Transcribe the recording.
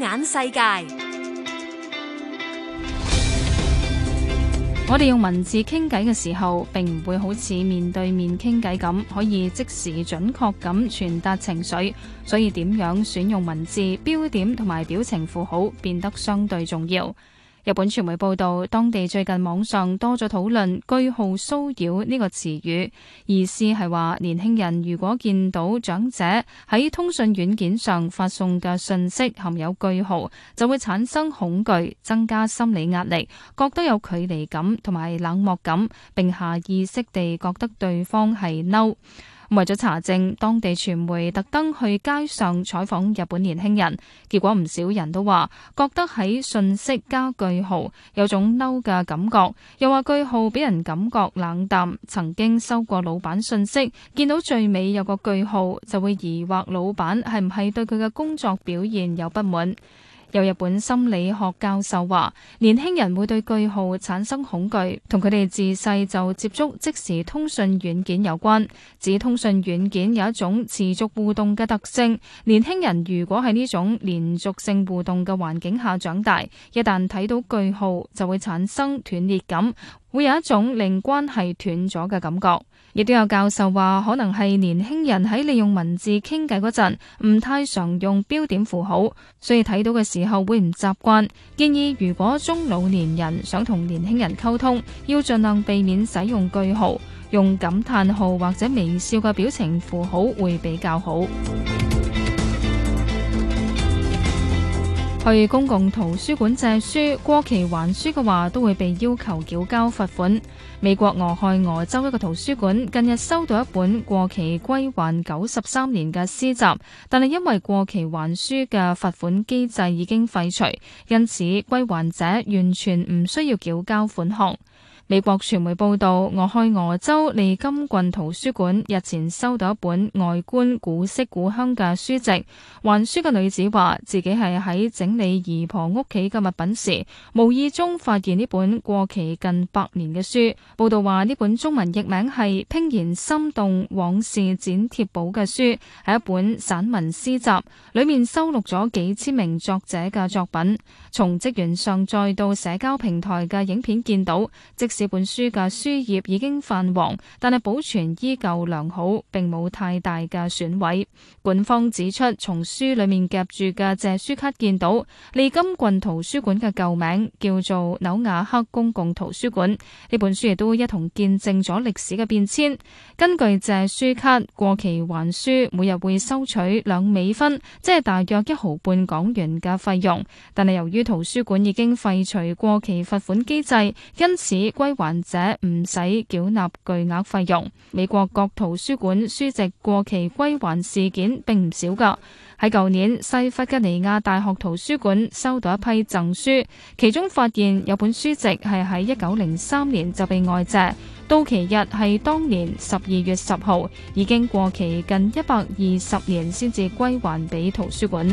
眼世界，我哋用文字傾偈嘅時候，並唔會好似面對面傾偈咁，可以即時準確咁傳達情緒，所以點樣選用文字、標點同埋表情符號，變得相對重要。日本傳媒報道，當地最近網上多咗討論句號騷擾呢個詞語，意思係話年輕人如果見到長者喺通訊軟件上發送嘅訊息含有句號，就會產生恐懼，增加心理壓力，覺得有距離感同埋冷漠感，並下意識地覺得對方係嬲。為咗查證，當地傳媒特登去街上採訪日本年輕人，結果唔少人都話覺得喺信息加句號有種嬲嘅感覺，又話句號俾人感覺冷淡。曾經收過老闆信息，見到最尾有個句號，就會疑惑老闆係唔係對佢嘅工作表現有不滿。有日本心理學教授話，年輕人會對句號產生恐懼，同佢哋自細就接觸即時通訊軟件有關。指通訊軟件有一種持續互動嘅特性，年輕人如果喺呢種連續性互動嘅環境下長大，一旦睇到句號，就會產生斷裂感。會有一種令關係斷咗嘅感覺，亦都有教授話可能係年輕人喺利用文字傾偈嗰陣唔太常用標點符號，所以睇到嘅時候會唔習慣。建議如果中老年人想同年輕人溝通，要盡量避免使用句號，用感嘆號或者微笑嘅表情符號會比較好。去公共圖書館借書過期還書嘅話，都會被要求繳交罰款。美國俄亥俄州一個圖書館近日收到一本過期歸還九十三年嘅詩集，但係因為過期還書嘅罰款機制已經廢除，因此歸還者完全唔需要繳交款項。美國傳媒報道，俄亥俄州利金郡圖書館日前收到一本外觀古色古香嘅書籍。還書嘅女子話，自己係喺整理姨婆屋企嘅物品時，無意中發現呢本過期近百年嘅書。報道話，呢本中文譯名係《怦然心動往事剪貼簿》嘅書，係一本散文詩集，裏面收錄咗幾千名作者嘅作品。從職員上載到社交平台嘅影片見到，即使這本書嘅書頁已經泛黃，但係保存依舊良好，並冇太大嘅損毀。館方指出，從書裏面夾住嘅借書卡見到，利金郡圖書館嘅舊名叫做紐瓦克公共圖書館。呢本書亦都一同見證咗歷史嘅變遷。根據借書卡，過期還書每日會收取兩美分，即係大約一毫半港元嘅費用。但係由於圖書館已經廢除過期罰款機制，因此歸歸還者唔使繳納巨額費用。美國各圖書館書籍過期歸還事件並唔少㗎。喺舊年，西弗吉尼亞大學圖書館收到一批贈書，其中發現有本書籍係喺一九零三年就被外借，到期日係當年十二月十號，已經過期近一百二十年先至歸還俾圖書館。